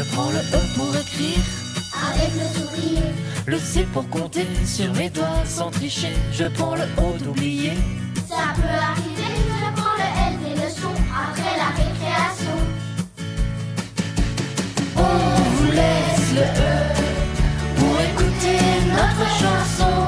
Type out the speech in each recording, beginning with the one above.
Je prends le E pour écrire avec le sourire. Le C pour compter sur mes doigts sans tricher. Je prends le O d'oublier. Ça peut arriver, je prends le L des leçons après la récréation. On vous laisse le E pour écouter notre chanson.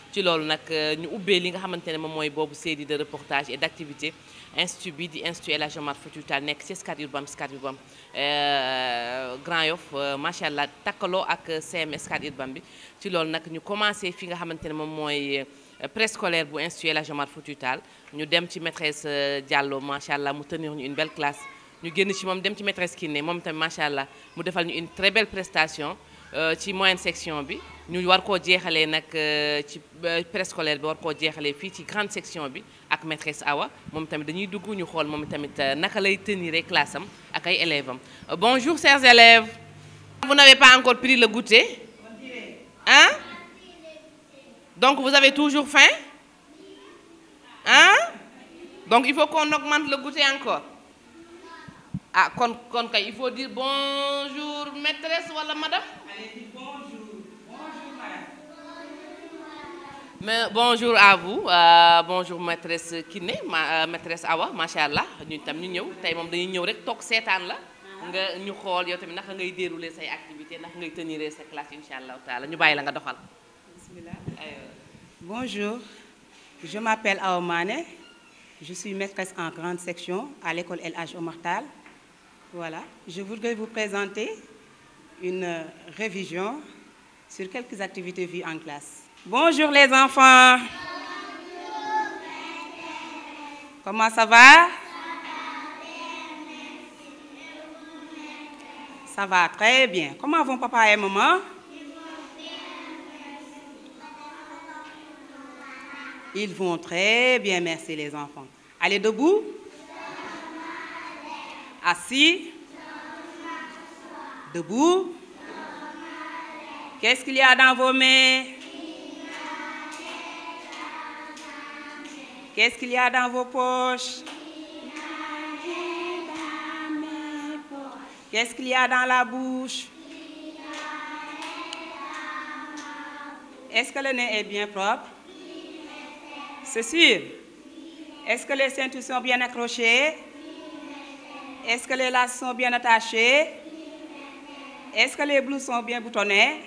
ci loolu nag euh, ñu ubbee li nga xamante ne moom mooy boobu série de reportage et d' activité institut bi di institut El Hadj Omar Foutiyou nekk ci Scat Urbam Scat Urbam euh, Grand Yoff euh, macha allah takkaloo ak CM Scat Urbam bi ci loolu nag ñu commencé fi nga xamante ne moom mooy. préscolaire bu institut la Jamar Foutiyou Tall ñu dem ci maîtresse Diallo macha allah mu tenir ñu une belle classe ñu génn ci moom dem ci maîtresse Kiné moom tamit macha allah mu defal ñu une très belle prestation. Euh, ci moyenne section bi ñu war ko jéxalé nak euh, ci euh, préscolaire bi war ko jéxalé fi ci grande section bi ak maîtresse Awa mom tamit dañuy dugg ñu xol mom tamit naka lay tenir classe am ak ay élèves bonjour chers élèves. vous n'avez pas encore pris le goûter. hein donc vous avez toujours faim hein donc il faut qu'on augmente le goûter encore ah kon kon kay il faut dire bonjour maîtresse wala madame. allez bonjour bonjour madame. mais bonjour à vous euh, bonjour maîtresse Kiné ma euh, maîtresse Awa machallah. Nous sommes tam ñu ñëw tey moom dañuy ñëw rek toog seetaan la. nga ñu xool yow tamit naka ngay dérouler say activités, naka ngay tenir sa classe inshallah allahu taala ñu bàyyi nga doxal. bismillah euh, bonjour je m'appelle Aomane, je suis maîtresse en grande section à l'école LH Hadj voilà, je voudrais vous présenter une euh, révision sur quelques activités vues en classe. Bonjour les enfants. Comment ça va Ça va très bien. Comment vont papa et maman Ils vont très bien, merci les enfants. Allez debout. Assis Debout Qu'est-ce qu'il y a dans vos mains Qu'est-ce qu'il y a dans vos poches Qu'est-ce qu'il y a dans la bouche Est-ce que le nez est bien propre C'est sûr Est-ce que les ceintures sont bien accrochées est-ce que les laces sont bien attachées Est-ce que les blouses sont bien boutonnés?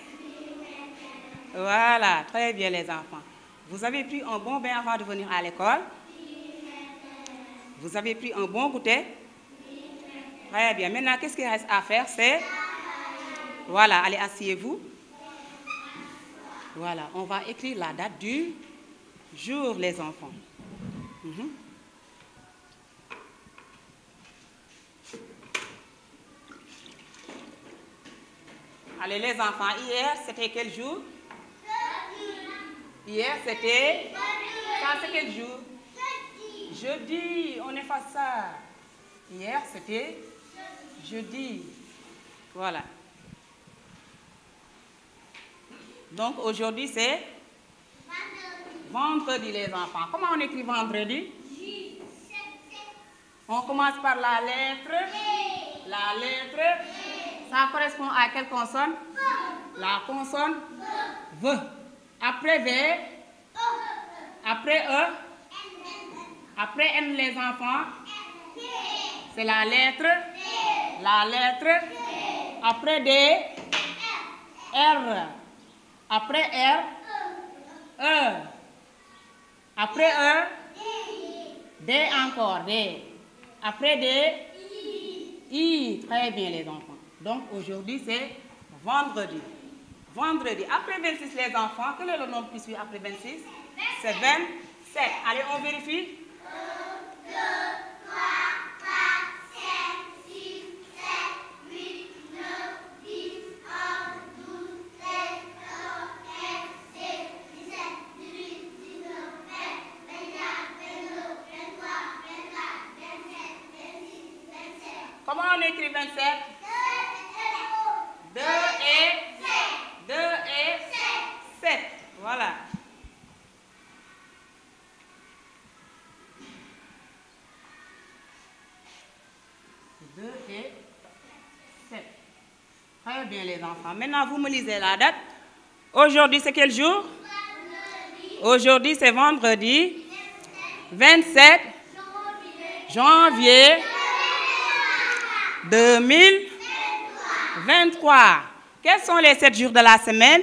Voilà, très bien les enfants. Vous avez pris un bon bain avant de venir à l'école Vous avez pris un bon goûter Très bien. Maintenant, qu'est-ce qu'il reste à faire C'est... Voilà, allez, asseyez-vous. Voilà, on va écrire la date du jour, les enfants. Allez, les enfants, hier, c'était quel jour Hier, c'était Quand c'est quel jour Jeudi, on efface ça. Hier, c'était jeudi. Voilà. Donc aujourd'hui, c'est vendredi. les enfants. Comment on écrit vendredi On commence par la lettre. La lettre ça correspond à quelle consonne La consonne V. Après V, après E, après N les enfants, c'est la lettre, la lettre, après D, R, après R, E, après E, D encore, D, après D, I, très bien les enfants. Donc aujourd'hui, c'est vendredi. Vendredi. Après 26, les enfants, quel est le nombre qui suit après 26 C'est 27. Allez, on vérifie. 1, 2, 3, 4, 5, 6, 7, 8, 9, 10, 11, 12, 13, 14, 15, 16, 17, 18, 19, 20, 21, 22, 23, 24, 25, 26, 27. Comment on écrit 27 Maintenant, vous me lisez la date. Aujourd'hui, c'est quel jour Aujourd'hui, c'est vendredi 27 janvier 2023. Quels sont les sept jours de la semaine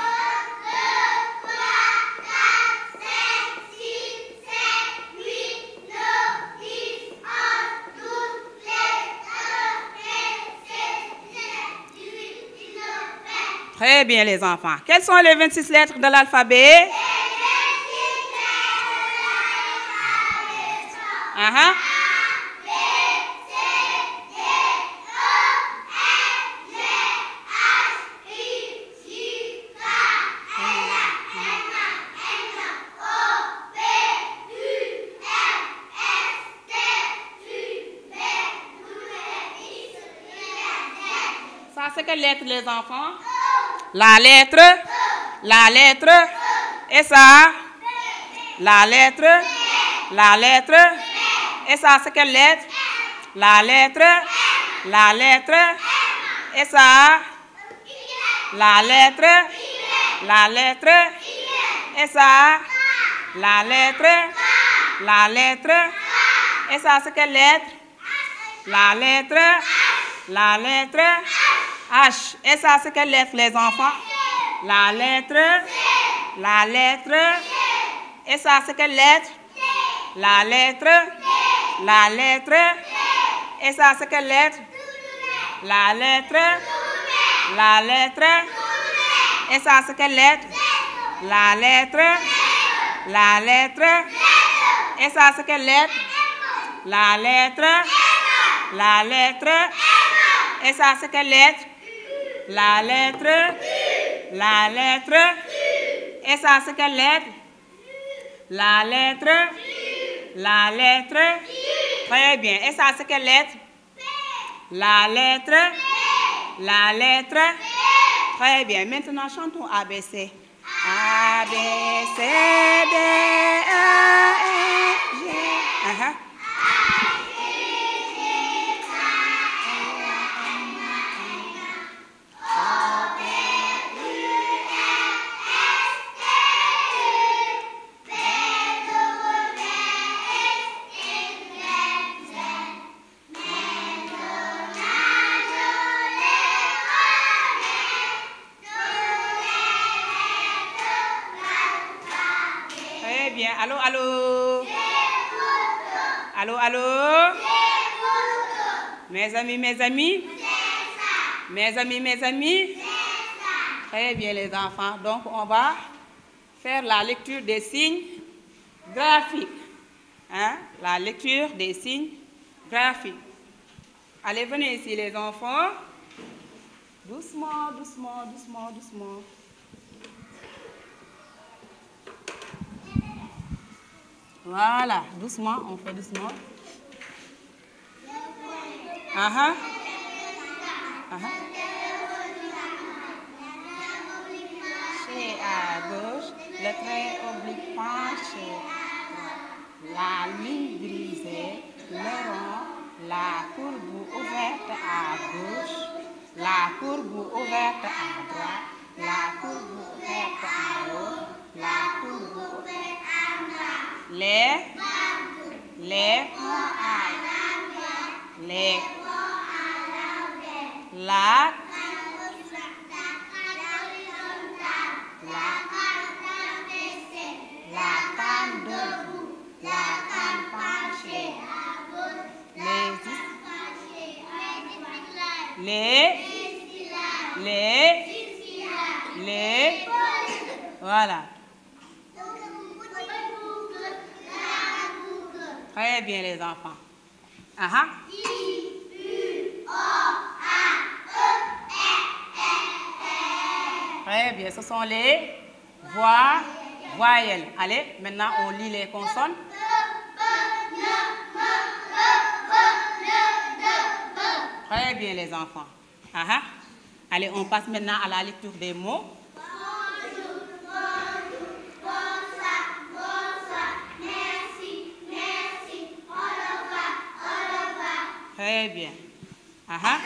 bien les enfants. Quelles sont les 26 lettres de l'alphabet? A, B, B, C, D, H, I, M, M, O, U, S, T, Uh -huh. Ça, c'est quelle lettre, les enfants? La lettre, la lettre, et ça, la lettre, la lettre, et ça, c'est quelle lettre? La lettre, la lettre, et ça, la lettre, la lettre, et ça, la lettre, la lettre, et ça, c'est quelle lettre? La lettre, la lettre. H. Et ça, c'est quelle lettre, les enfants? La lettre La lettre Et ça, c'est quelle lettre? La lettre La lettre Et ça, c'est quelle lettre? La lettre La lettre Et ça, c'est quelle lettre? La lettre La lettre Et ça, c'est quelle lettre? La lettre La lettre Et ça, c'est quelle lettre? La lettre La lettre Et ça, c'est quelle lettre La lettre La lettre Très bien. Et ça, c'est quelle lettre La lettre La lettre Très bien. Maintenant, chantons ABC. ABC, D, A, E. Allô, allô Mes amis, mes amis Mes amis, mes amis ça. Très bien les enfants. Donc on va faire la lecture des signes graphiques. Hein? La lecture des signes graphiques. Allez, venez ici les enfants. Doucement, doucement, doucement, doucement. Voilà, doucement, on fait doucement. Ah aha. ah. ah, ah. à gauche, le trait oblique penché. La ligne brisée, le rond, la courbe ouverte à gauche, la courbe ouverte à droite, la courbe ouverte à gauche. la courbe les, les, les, la, les, les, les, voilà. Très bien, les enfants. I, U, O, A, E, Très bien, ce sont les voix, voyelles. Allez, maintenant on lit les consonnes. Très bien, les enfants. Allez, on passe maintenant à la lecture des mots. Très bien. Ah, ah.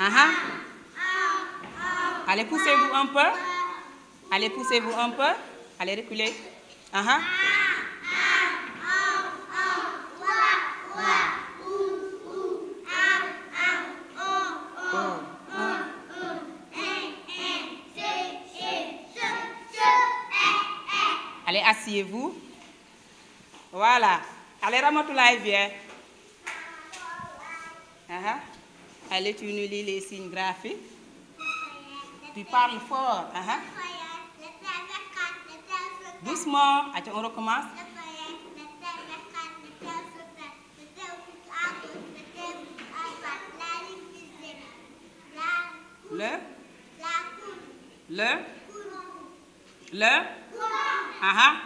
Ah, Allez, poussez-vous un peu. Allez, poussez-vous un peu. Allez, reculez. Aha. Allez, asseyez-vous. Voilà. Allez, Ramatoulaye, viens. Uh -huh. Allez, tu nous lis les signes graphiques. Tu parles fort. Uh -huh. Doucement. Attends, on recommence. Le Le Le Le uh -huh.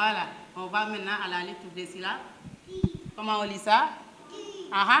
Voilà. On va maintenant à la lettre de Comment on lit ça Ah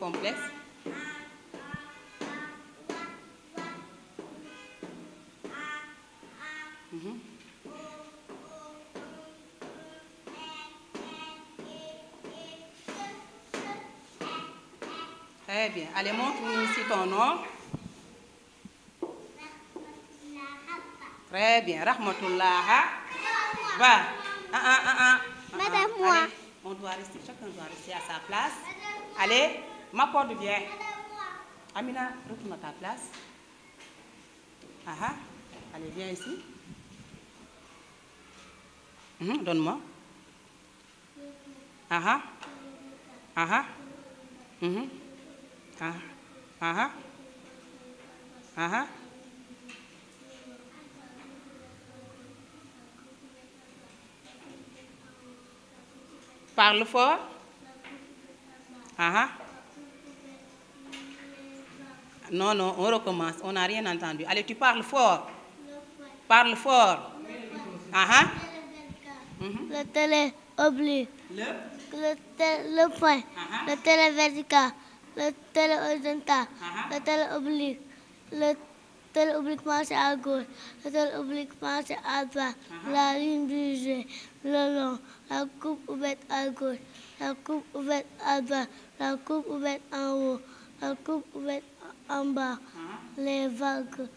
Mhm. Très bien. Allez, montre-nous ici ton nom. Très bien. Rahmatullah. Va. Ah, ah, ah, ah. Madame, ah, moi. On doit rester, chacun doit rester à sa place. Allez. Ma porte vient. Amina, retourne à ta place. Ah ah. Allez, viens ici. Mhm. Donne-moi. Ah ah. Ah ah. Aha. ah ah. Ah Parle fort. Aha. Non, non, on recommence. On n'a rien entendu. Allez, tu parles fort. Parle fort. Ah, ah. La mhm. Le télé oblique. Le, le, le point. Ah, ah. le télé vertical. Le télé horizontal. Ah, le télé oblique. Le télé oblique penché à gauche. Le télé oblique penché à droite. La ligne du jeu. Le long. La coupe ouverte à gauche. La coupe ouverte à droite. La coupe ouverte en haut. La coupe ouverte en bas, uh-huh. les vagues,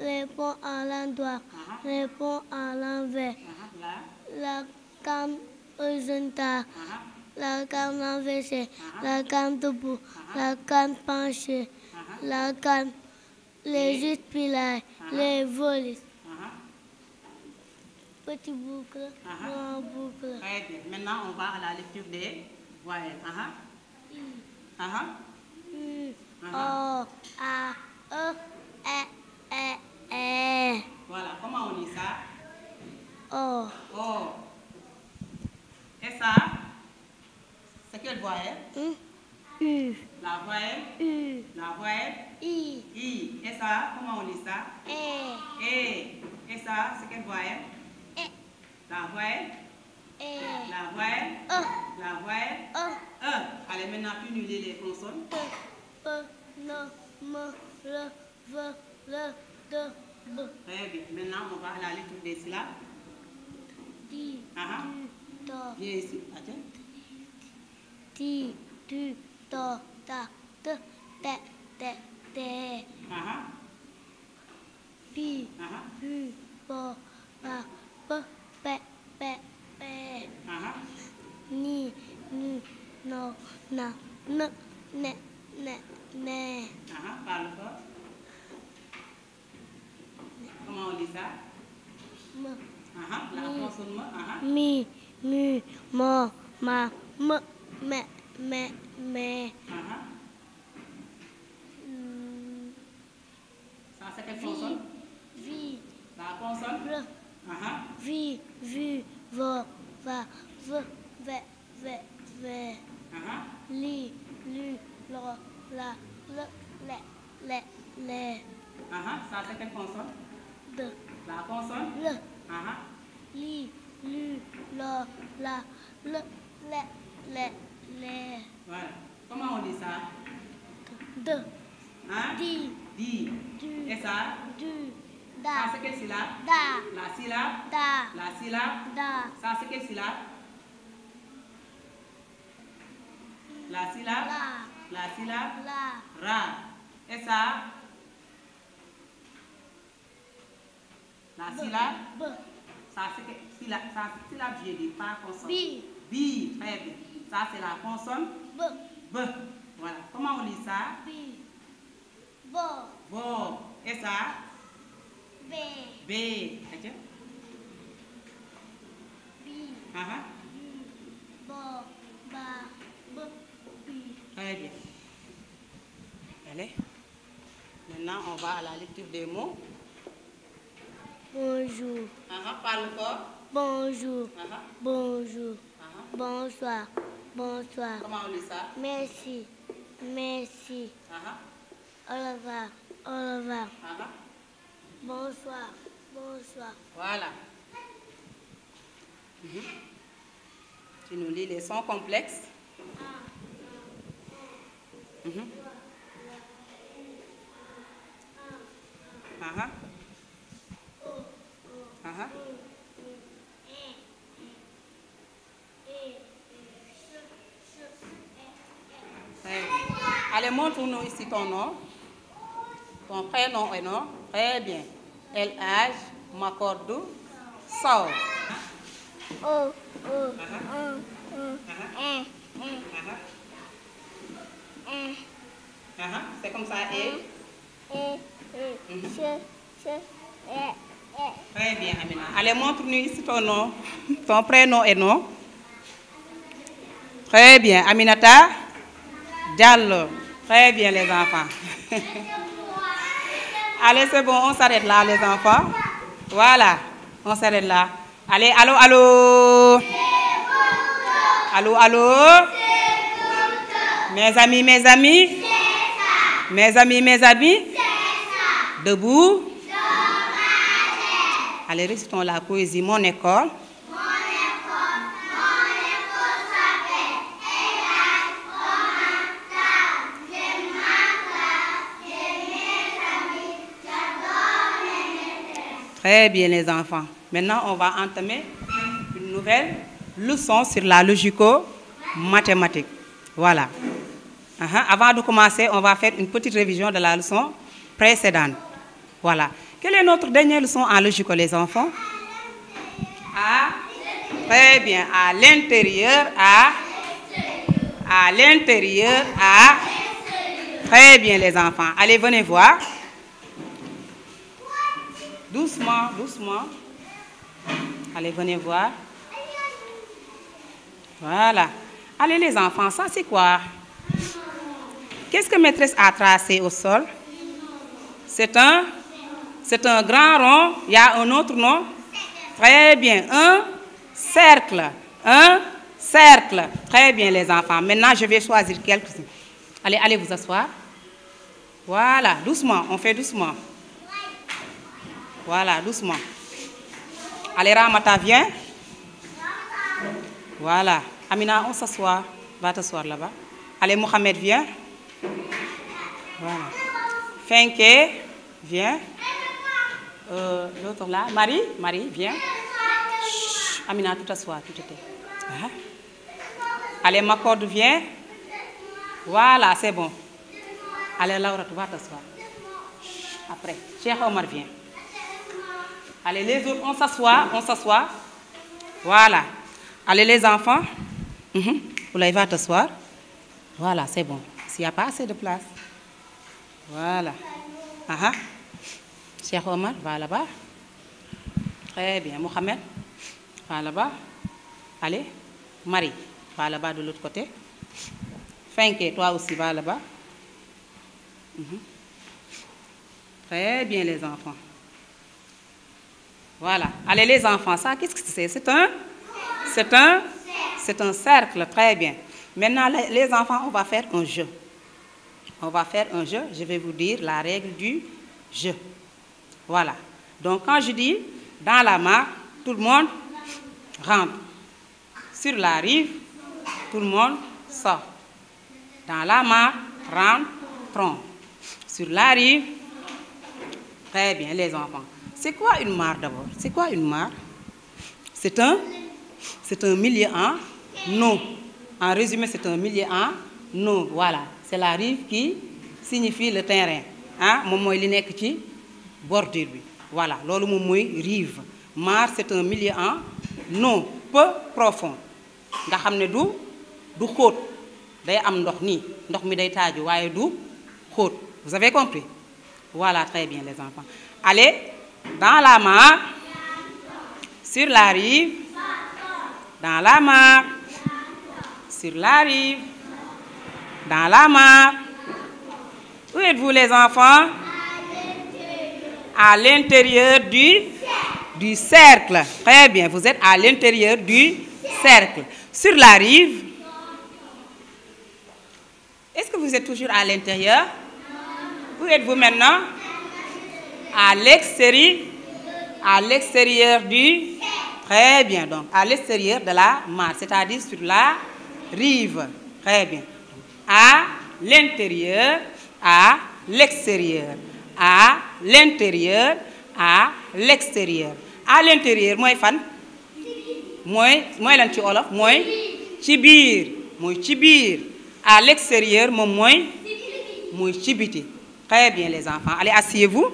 les uh-huh. ponts à l'endroit, les uh-huh. ponts à l'envers, la cam horizontale, la cam renversée, la cam debout, la cam penchée, la cam, les justes pilaires, les volets. Petite boucle, grande boucle. Maintenant, on va à la lecture des voyelles. Uh-huh. O, A, E, E, E, Voilà, comment on dit ça O. O. Et ça, c'est quelle voix U. U. La voyelle U. La voyelle I. I. Et ça, comment on dit ça E. E. Et ça, c'est quelle voyelle E. La voyelle E. La voyelle E. La voyelle E. E. Allez, maintenant, tu les consonnes. E. p n m r v r d b. Très bien. Maintenant, on va aller toutes les syllabes. Di, Aha. du, do. Viens ici. Attends. Di, du, do, da, de, de, de, de. Aha. Bi, bu, bo, ba, b, be, be, be. Aha. Ni, nu, no, na, n, ne. Mais. mais. Ah, parle fort. Comment on dit ça? Me. Ah, ah la consonne ah, ah. Mi, mu, mo, ma, me, me, me, me. Ça, c'est quelle consonne? Vi. La consonne? le Ah, Vi, vu, vo, va, v ve, ve, ve. Ah, Li, lu, la la, le, le, le, le. Ah ça c'est quelle consonne De. La consonne Le. Ah Li, lu, la, la, le, le, le, le. Voilà. Comment on dit ça De. Hein Di. Di. Du. Et ça Du. Ça c'est quelle syllabe Da. La syllabe Da. La syllabe Da. Ça c'est quelle syllabe La syllabe La. La syllabe La. Ra. Et ça La syllabe B. Ça, c'est la syllabe, je dis pas consonne. Bi. Bi, très bien. Ça, c'est la consonne B. B. Voilà. Comment on lit ça Bi. Bo. Bo. Et ça B. B. Ok. Bi. Uh -huh. Bi. Bo. Ba. Très bien. Allez. Maintenant, on va à la lecture des mots. Bonjour. Ah, ah, parle encore. Bonjour. Ah, Bonjour. Bonsoir. Bonsoir. Comment on dit ça? Merci. Merci. Au revoir. Au revoir. Bonsoir. Bonsoir. Voilà. Mhm. Tu nous lis les sons complexes. Mm-hmm. Uh-huh. Uh-huh. Allez, montre-nous ici ton nom. Ton prénom et non? Très bien. elle âge, m'accorde, Sao. Uh-huh. E, e. E. C'est comme ça. Et. Très e, e, bien, Amina. Allez, montre-nous ici ton nom, ton prénom et nom. Très bien, Aminata. Diallo. Très bien, les enfants. Allez, c'est bon, on s'arrête là, les enfants. Voilà, on s'arrête là. Allez, allô, allô. Allô, allô. Mes amis, mes amis. Ça. Mes amis, mes amis. Ça. Debout. Allez, récitons la poésie. Mon école. Très bien les enfants. Maintenant, on va entamer une nouvelle leçon sur la logico-mathématique. Voilà. Avant de commencer, on va faire une petite révision de la leçon précédente. Voilà. Quelle est notre dernière leçon en logique, les enfants à, Très bien. À l'intérieur, à à l'intérieur, à Très bien, les enfants. Allez, venez voir. Doucement, doucement. Allez, venez voir. Voilà. Allez, les enfants, ça c'est quoi Qu'est-ce que maîtresse a tracé au sol C'est un, c'est un grand rond. Il y a un autre nom Très bien. Un cercle. Un cercle. Très bien, les enfants. Maintenant, je vais choisir quelques Allez, allez vous asseoir. Voilà, doucement. On fait doucement. Voilà, doucement. Allez, Ramata, viens. Voilà. Amina, on s'assoit. Va t'asseoir là-bas. Allez, Mohamed, viens. Voilà. Finke, viens. Euh, là, Marie, Marie, viens. Amina, tout t'assois. Hein? Allez, ma corde, viens. Voilà, c'est bon. Allez, Laura, tu vas t'asseoir. Après, Cheikh Omar, viens. Allez, les autres, on s'assoit, on s'assoit. Voilà. Allez, les enfants. Mm -hmm. va t'asseoir. Voilà, c'est bon. S'il n'y a pas assez de place. Voilà. Ah Cheikh Omar, va là-bas. Très bien. Mohamed, va là-bas. Allez. Marie, va là-bas de l'autre côté. Finke, toi aussi, va là-bas. Mhm. Très bien, les enfants. Voilà. Allez, les enfants, ça, qu'est-ce que c'est C'est un C'est un C'est un cercle. Très bien. Maintenant, les enfants, on va faire un jeu on va faire un jeu, je vais vous dire la règle du jeu. Voilà. Donc quand je dis dans la mare, tout le monde rentre. Sur la rive, tout le monde sort. Dans la mare, rentre, prend. Sur la rive, très bien les enfants. C'est quoi une mare d'abord C'est quoi une mare C'est un, c'est un milieu en non. En résumé, c'est un milieu en non. Voilà c'est la rive qui signifie le terrain ah moom mooy li ci bordure voilà C'est moom rive Mars c'est un milieu en non peu profond nga du du xóot day am ndox nii mais mi day a du vous avez compris voilà très bien les enfants allez dans la mare sur la rive dans la mare sur la rive dans la mare. Où êtes-vous les enfants À l'intérieur du, du cercle. Très bien, vous êtes à l'intérieur du cercle. Sur la rive, est-ce que vous êtes toujours à l'intérieur Où êtes-vous maintenant À l'extérieur. À l'extérieur du... Très bien, donc à l'extérieur de la mare, c'est-à-dire sur la rive. Très bien à l'intérieur, à l'extérieur, à l'intérieur, à l'extérieur. à l'intérieur Moi, fan suis moi, lan ci Moi, chibir, ci à l'extérieur moi moi, très bien les enfants allez asseyez-vous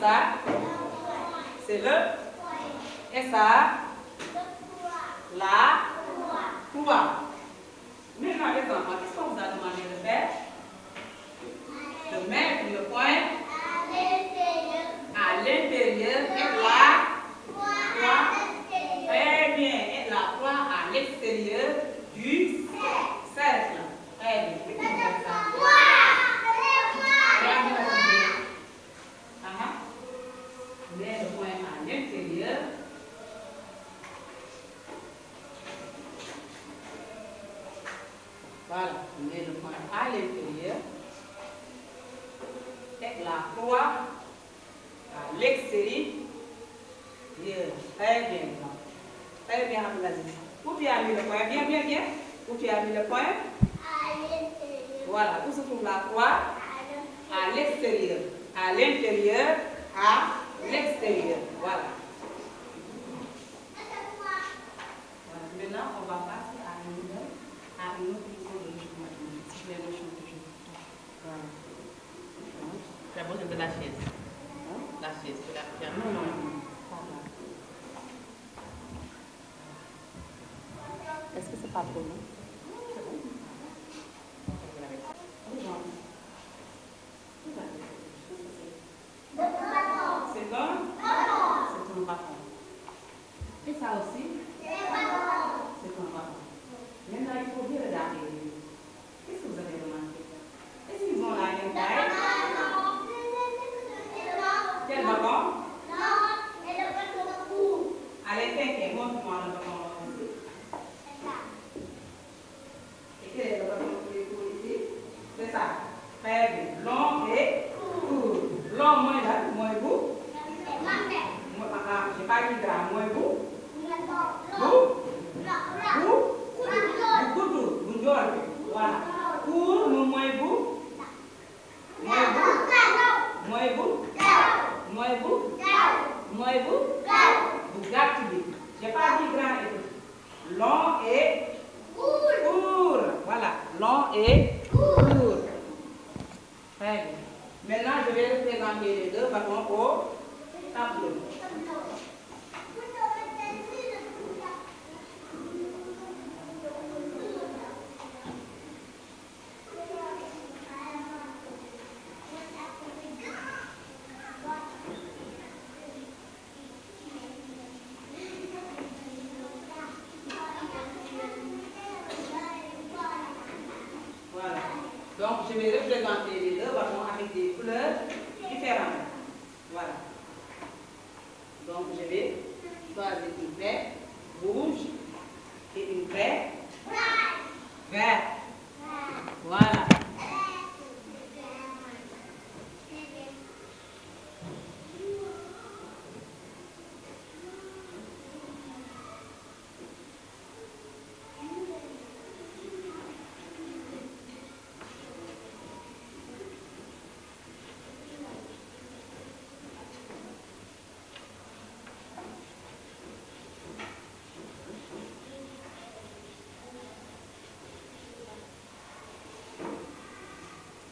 ça C'est le Et ça La Quoi Maintenant, exemple, qu'est-ce qu'on vous a demandé de faire De mettre le point à l'intérieur Parece que você pagou, tá né? Très Maintenant, je vais représenter les deux bâtons au tableau.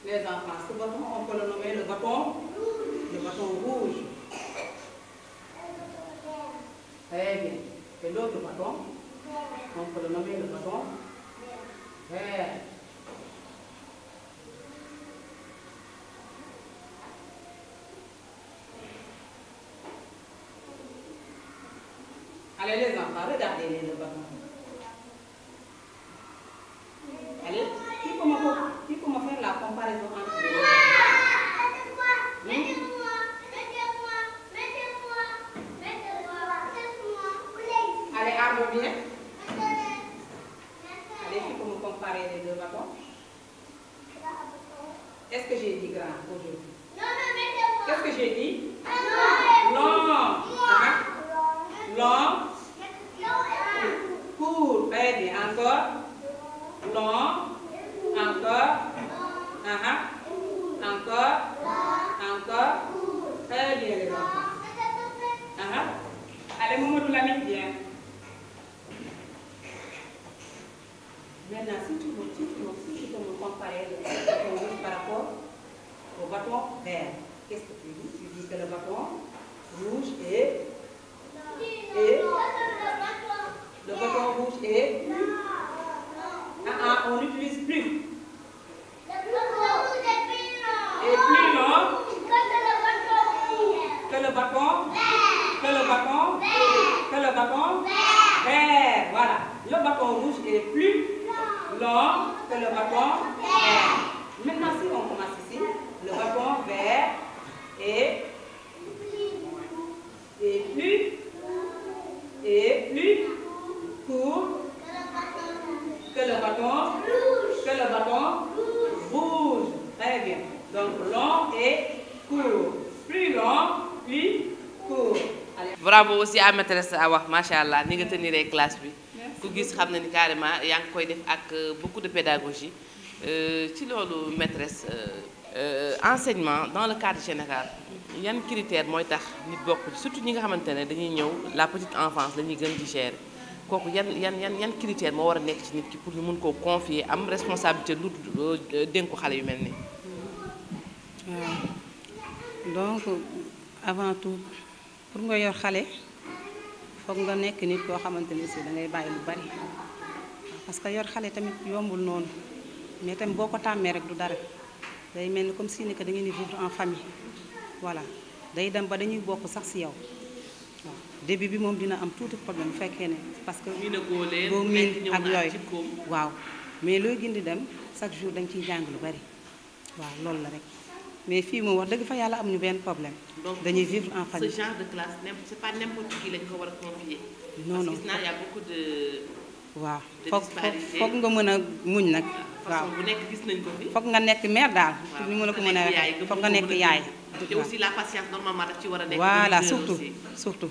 les enfants. Ce bâton, on peut le nommer le bâton, le bâton rouge. Très bien. Et l'autre bâton, on peut le nommer le bâton vert. Allez les enfants, regardez-les. non encore, uh-huh. encore, encore. Très bien les enfants. Uh-huh. Allez, Momo, la mets bien. Maintenant, si tu veux, si tu veux, si tu veux me comparer par rapport au bâton vert, qu'est-ce que tu dis Tu dis que le bâton rouge est... Et le bâton rouge est... Ah, ah, on utilise long. Et plus long que le bâton. Que le bâton. Que le bâton. Vert. Voilà. Le bâton rouge est plus long que le bâton vert. Maintenant, si on commence ici, le bâton vert est, est plus, est plus court que le bâton le Très bien. Donc long et court. Plus long, plus court. Bravo aussi à maîtresse Awa, machallah, carrément euh, beaucoup de pédagogie. Euh, maîtresse euh, enseignement dans le cadre général une critère tax surtout la petite enfance kooku yan yan yan yan critère moo war a nekk ci nit ki pour ñu mun koo confier am responsabilité lu euh, euh, dénku xale yu mel nii. donc avant tout pour nga yor xale foog nga nekk nit koo xamante ne si da ngay bàyyi lu bari parce que yor xale tamit yombul noonu mais tamit boo ko tàmmee rek du dara day mel ni comme si ni que da ngeen di vivre en famille voilà day dem ba dañuy bokk sax si yow début bi mom dina am parce que mais chaque jour dañ lu bari waaw mais fi wax deug fa yalla am ñu vivre en famille ce genre de classe c'est pas n'importe qui lañ ko wara confier non non y a beaucoup de waaw Il que nga mëna muñ nak ah, waaw bu nekk gis nañ ko fi nga mère aussi la patience normalement ci voilà surtout surtout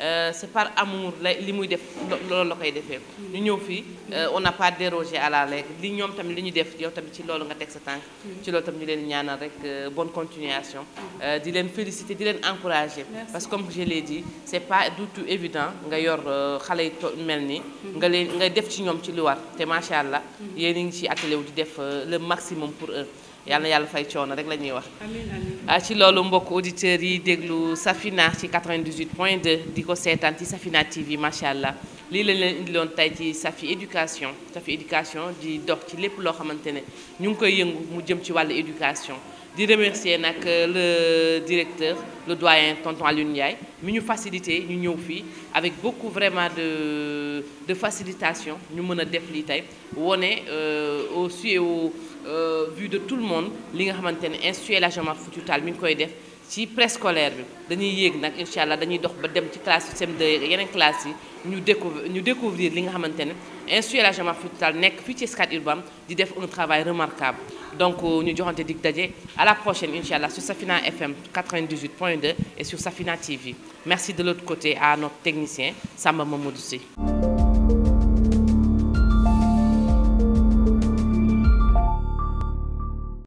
Euh, c'est par amour la li muy def loolu la koy defee ñu ñëw fii euh, on n'a pas dérogé à la règle li ñoom tamit li ñu def yow tamit ci loolu nga teg sa tànk mm-hmm. ci loolu tamit ñu leen ñaanal rek euh, bonne continuation mm-hmm. di leen féliciter di leen encourager parce que comme je l'ai dit c'est pas du tout évident nga yor xale yi mel ni mm-hmm. nga leen nga def ci ñoom ci lu war te macha allah ngi ci atelier wu di def le maximum pour yalla yalla yàlla fay coono rek la ñuy wax. ah ci lolu mbokk auditeur yi déglu Safina ci 98.2 diko 2 ci Safina TV machallah li lañ leen indiloon tay ci Safi éducation Safi éducation di dox ci lépp lo xamantene ne ñu ngi koy yëngu mu jëm ci wàllu éducation. di remercier nak euh, le directeur le doyen tonton Alioune Ndiaye mi ñu facilité ñu ñëw fi avec beaucoup vraiment de de facilitation ñu mëna a def lii tey wone aussi euh, au. Euh, vu de tout le monde li nga xamantene ne la jama Fuuta Taal mi koy def ci préscolaire bi dañuy yegg nak inshallah dañuy dox ba dem ci classe CM2 yenen classe yi ñu découvrir ñu découvrir li nga xamantene ne la jama Fuuta nek nekk ci Urbam di def un travail remarquable donc euh, ñu joxante dig daje à la prochaine inshallah sur Safina FM 98.2 et sur Safina TV merci de l'autre côté à notre technicien Samba Mamadou